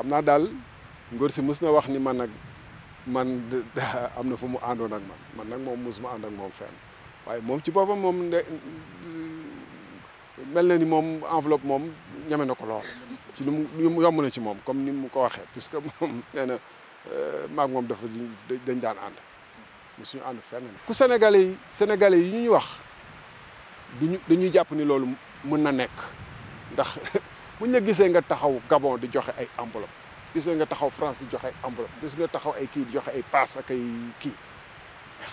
xam naa daal ngóor si mus na wax ni man nag man am na fu mu àndoon ak man man nag moom mus ma ànd ak moom fenn waaye moom ci boppam moom ne mel na ni moom enveloppe moom ñeme na ko lool ci lu mu yomb na ci moom comme ni mu ko waxee que moom nee na euh, maag moom dafa dañ daan ànd suñu ànd fenn ku sénégalais yi sénégalais yi ñuy wax duñu dañuy jàpp ni loolu mën na nekk ndax buñ la gisee nga taxaw Gabon di joxe ay enveloppe gis nga taxaw France joxe ay enveloppe nga taxaw ay kii di joxe ay paas ak ay kii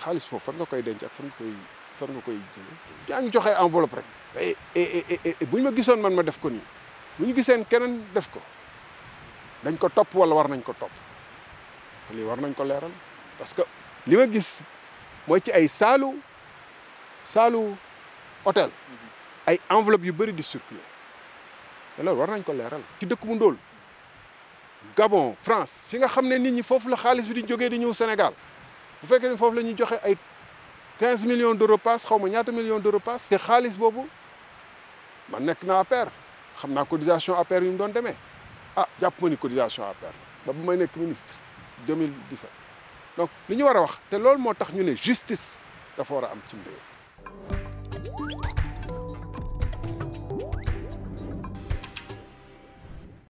xaalis boobu fan nga koy denc ak fan nga fan nga koy jëlee yaa ngi joxe enveloppe rek bu ñu ma gisoon man ma def ko nii bu ñu giseen keneen def ko dañ ko topp wala war nañ ko topp lii war nañ ko leeral parce que li ma gis mooy ci ay saalu saalu hôtel mhm. ay enveloppe yu bëri di circuler te loolu war nañ ko leeral. ci dëkk bu ndóol Gabon France fi nga xam ne nit ñi foofu la xaalis bi di jogee di ñëw Sénégal bu fekkee ne foofu la ñuy joxe ay quinze millions d'euros pass xaw ma ñaata millions d'euros pass. te xaalis boobu ma nekk na APR xam naa cotisation APR yu mu doon demee ah jàpp ma ni cotisation APR ba bu may nekk ministre 2017 donc li ñu war a wax te loolu moo tax ñu ne justice dafa war a am ci mbir